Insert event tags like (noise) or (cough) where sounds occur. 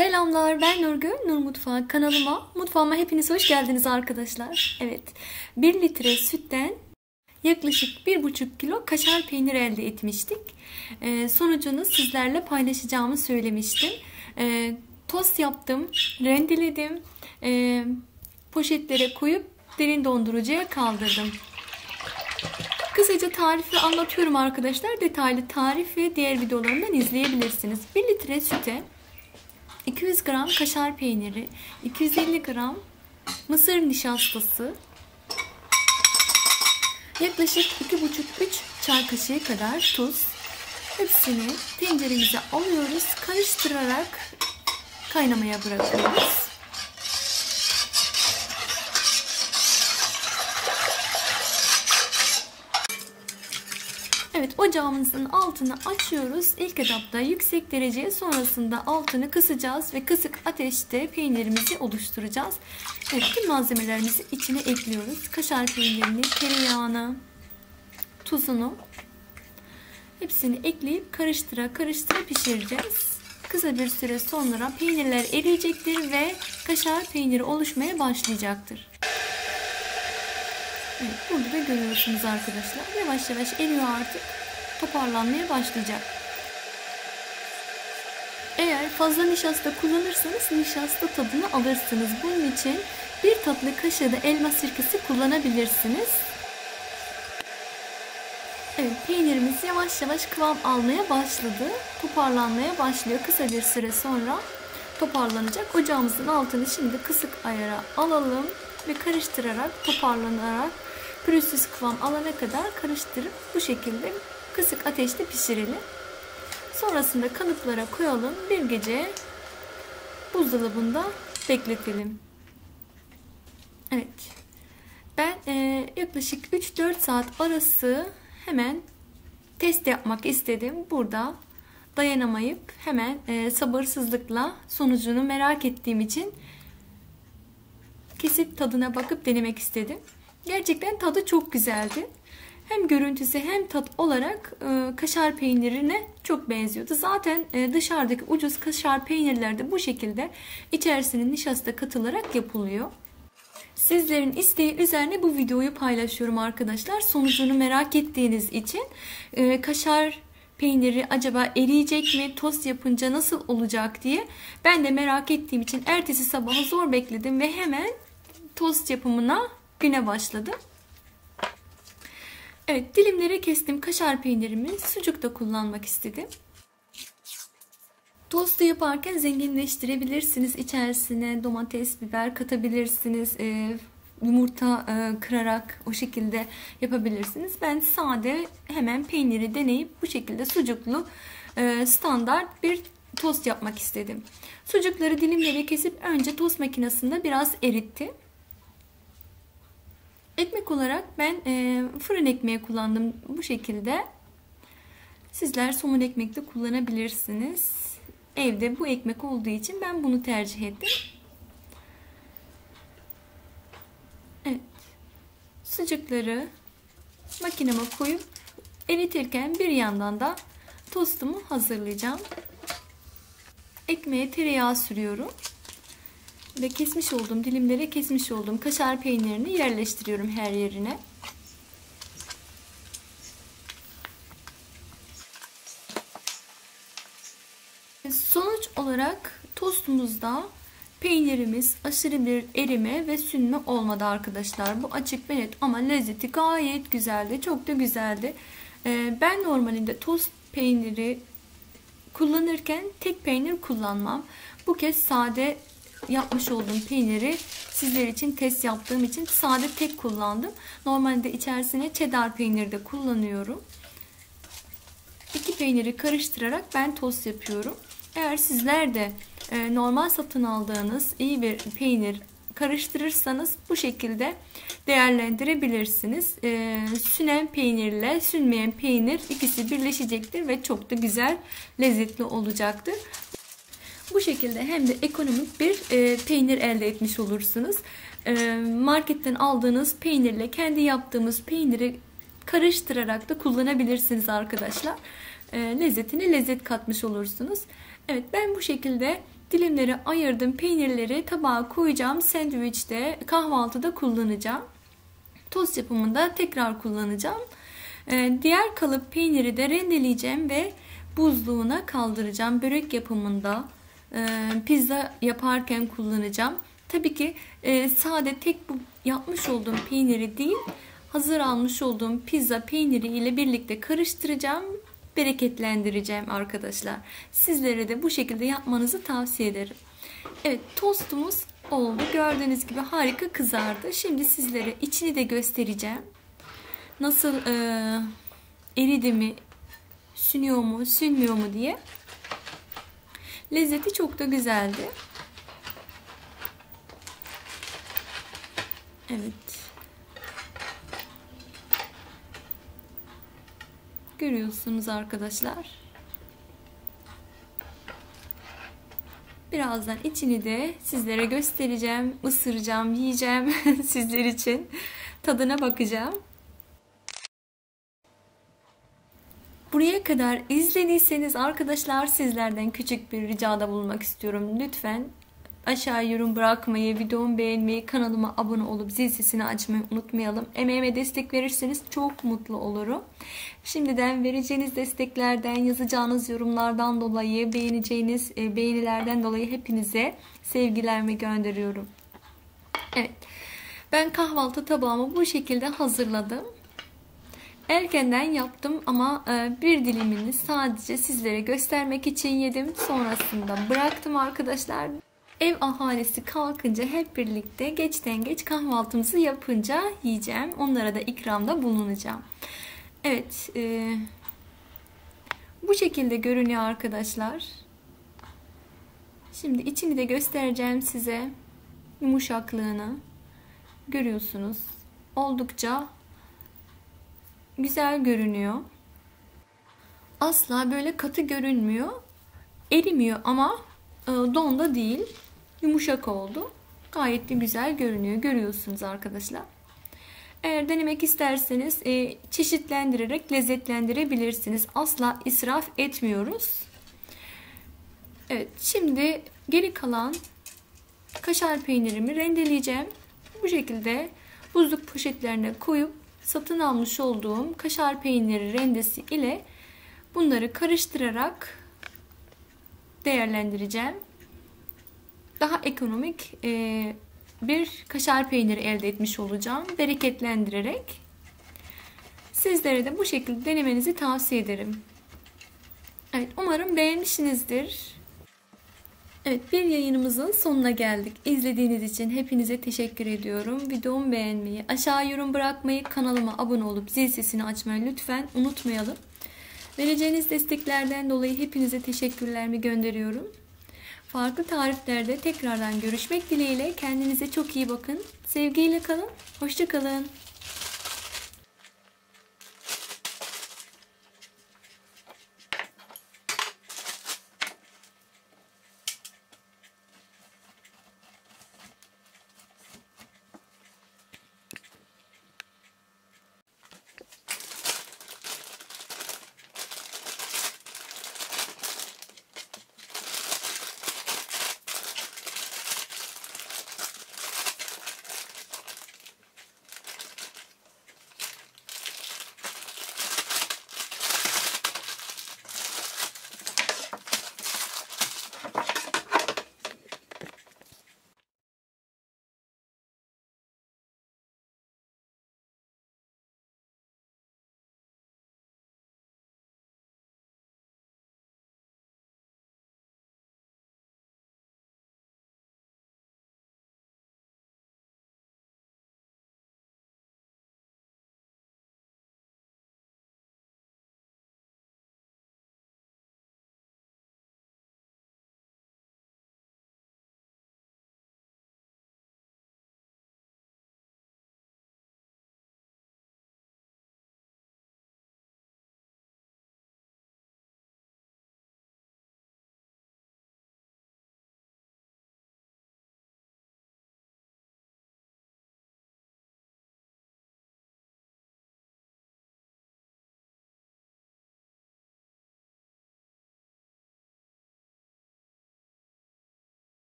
Selamlar ben Nurgül, Nur Mutfağı kanalıma, mutfağıma hepiniz hoş geldiniz arkadaşlar. Evet, 1 litre sütten yaklaşık 1,5 kilo kaşar peynir elde etmiştik. E, sonucunu sizlerle paylaşacağımı söylemiştim. E, tost yaptım, rendeledim, e, poşetlere koyup derin dondurucuya kaldırdım. Kısaca tarifi anlatıyorum arkadaşlar. Detaylı tarifi diğer videolarından izleyebilirsiniz. 1 litre süte 200 gram kaşar peyniri, 250 gram mısır nişastası, yaklaşık 2,5-3 çay kaşığı kadar tuz. Hepsini tenceremize alıyoruz, karıştırarak kaynamaya bırakıyoruz. Evet ocağımızın altını açıyoruz. İlk etapta yüksek dereceye sonrasında altını kısacağız ve kısık ateşte peynirimizi oluşturacağız. Evet tüm malzemelerimizi içine ekliyoruz. Kaşar peynirini, tereyağını, tuzunu hepsini ekleyip karıştıra karıştıra pişireceğiz. Kısa bir süre sonra peynirler eriyecektir ve kaşar peyniri oluşmaya başlayacaktır. Evet, burada da görüyorsunuz arkadaşlar. Yavaş yavaş eriyor artık. Toparlanmaya başlayacak. Eğer fazla nişasta kullanırsanız nişasta tadını alırsınız. Bunun için bir tatlı kaşığı da elma sirkesi kullanabilirsiniz. Evet peynirimiz yavaş yavaş kıvam almaya başladı. Toparlanmaya başlıyor kısa bir süre sonra toparlanacak. Ocağımızın altını şimdi kısık ayara alalım ve karıştırarak toparlanarak pürüzsüz kıvam alana kadar karıştırıp bu şekilde kısık ateşte pişirelim. Sonrasında kalıplara koyalım. Bir gece buzdolabında bekletelim. Evet. Ben e, yaklaşık 3-4 saat arası hemen test yapmak istedim. Burada dayanamayıp hemen e, sabırsızlıkla sonucunu merak ettiğim için kesip tadına bakıp denemek istedim. Gerçekten tadı çok güzeldi. Hem görüntüsü hem tat olarak e, kaşar peynirine çok benziyordu. Zaten e, dışarıdaki ucuz kaşar peynirler de bu şekilde içerisine nişasta katılarak yapılıyor. Sizlerin isteği üzerine bu videoyu paylaşıyorum arkadaşlar. Sonucunu merak ettiğiniz için e, kaşar peyniri acaba eriyecek mi? Tost yapınca nasıl olacak diye ben de merak ettiğim için ertesi sabahı zor bekledim ve hemen tost yapımına güne başladım. Evet dilimlere kestim kaşar peynirimi da kullanmak istedim. Tostu yaparken zenginleştirebilirsiniz. İçerisine domates, biber katabilirsiniz. E, yumurta e, kırarak o şekilde yapabilirsiniz. Ben sade hemen peyniri deneyip bu şekilde sucuklu e, standart bir tost yapmak istedim. Sucukları dilimlere kesip önce tost makinesinde biraz erittim. Ekmek olarak ben e, fırın ekmeği kullandım bu şekilde. Sizler somun ekmek de kullanabilirsiniz. Evde bu ekmek olduğu için ben bunu tercih ettim. Evet. Sucukları makineme koyup eritirken bir yandan da tostumu hazırlayacağım. Ekmeğe tereyağı sürüyorum. Ve kesmiş olduğum dilimlere kesmiş olduğum kaşar peynirini yerleştiriyorum her yerine. Sonuç olarak tostumuzda peynirimiz aşırı bir erime ve sünme olmadı arkadaşlar. Bu açık ve net ama lezzeti gayet güzeldi. Çok da güzeldi. Ee, ben normalinde tost peyniri kullanırken tek peynir kullanmam. Bu kez sade yapmış olduğum peyniri sizler için test yaptığım için sade tek kullandım. Normalde içerisine cheddar peyniri de kullanıyorum. İki peyniri karıştırarak ben tost yapıyorum. Eğer sizler de e, normal satın aldığınız iyi bir peynir karıştırırsanız bu şekilde değerlendirebilirsiniz. E, sünen peynirle sünmeyen peynir ikisi birleşecektir ve çok da güzel lezzetli olacaktır. Bu şekilde hem de ekonomik bir e, peynir elde etmiş olursunuz. E, marketten aldığınız peynirle kendi yaptığımız peyniri karıştırarak da kullanabilirsiniz arkadaşlar. E, lezzetine lezzet katmış olursunuz. Evet ben bu şekilde dilimleri ayırdım. Peynirleri tabağa koyacağım. Sandviçte, kahvaltıda kullanacağım. Tost yapımında tekrar kullanacağım. E, diğer kalıp peyniri de rendeleyeceğim ve buzluğuna kaldıracağım. Börek yapımında, e, pizza yaparken kullanacağım. Tabii ki e, sade tek bu yapmış olduğum peyniri değil hazır almış olduğum pizza peyniri ile birlikte karıştıracağım bereketlendireceğim arkadaşlar. Sizlere de bu şekilde yapmanızı tavsiye ederim. Evet tostumuz oldu. Gördüğünüz gibi harika kızardı. Şimdi sizlere içini de göstereceğim. Nasıl e, eridi mi, sünüyor mu, sünmüyor mu diye. Lezzeti çok da güzeldi. Evet. Görüyorsunuz arkadaşlar. Birazdan içini de sizlere göstereceğim, ısıracağım, yiyeceğim (laughs) sizler için. Tadına bakacağım. Buraya kadar izlediyseniz arkadaşlar sizlerden küçük bir ricada bulmak istiyorum. Lütfen aşağı yorum bırakmayı, videomu beğenmeyi, kanalıma abone olup zil sesini açmayı unutmayalım. Emeğime destek verirseniz çok mutlu olurum. Şimdiden vereceğiniz desteklerden, yazacağınız yorumlardan dolayı, beğeneceğiniz e, beğenilerden dolayı hepinize sevgilerimi gönderiyorum. Evet. Ben kahvaltı tabağımı bu şekilde hazırladım. Erkenden yaptım ama e, bir dilimini sadece sizlere göstermek için yedim. Sonrasında bıraktım arkadaşlar. Ev ahalisi kalkınca hep birlikte geçten geç kahvaltımızı yapınca yiyeceğim. Onlara da ikramda bulunacağım. Evet. E, bu şekilde görünüyor arkadaşlar. Şimdi içini de göstereceğim size. Yumuşaklığını görüyorsunuz. Oldukça güzel görünüyor. Asla böyle katı görünmüyor. Erimiyor ama e, donda değil. Yumuşak oldu. Gayet de güzel görünüyor. Görüyorsunuz arkadaşlar. Eğer denemek isterseniz e, çeşitlendirerek lezzetlendirebilirsiniz. Asla israf etmiyoruz. Evet şimdi geri kalan kaşar peynirimi rendeleyeceğim. Bu şekilde buzluk poşetlerine koyup satın almış olduğum kaşar peyniri rendesi ile bunları karıştırarak değerlendireceğim. Daha ekonomik e, bir kaşar peyniri elde etmiş olacağım. Bereketlendirerek. Sizlere de bu şekilde denemenizi tavsiye ederim. Evet umarım beğenmişsinizdir. Evet bir yayınımızın sonuna geldik. İzlediğiniz için hepinize teşekkür ediyorum. Videomu beğenmeyi, aşağı yorum bırakmayı, kanalıma abone olup zil sesini açmayı lütfen unutmayalım. Vereceğiniz desteklerden dolayı hepinize teşekkürlerimi gönderiyorum. Farklı tariflerde tekrardan görüşmek dileğiyle kendinize çok iyi bakın. Sevgiyle kalın, hoşçakalın.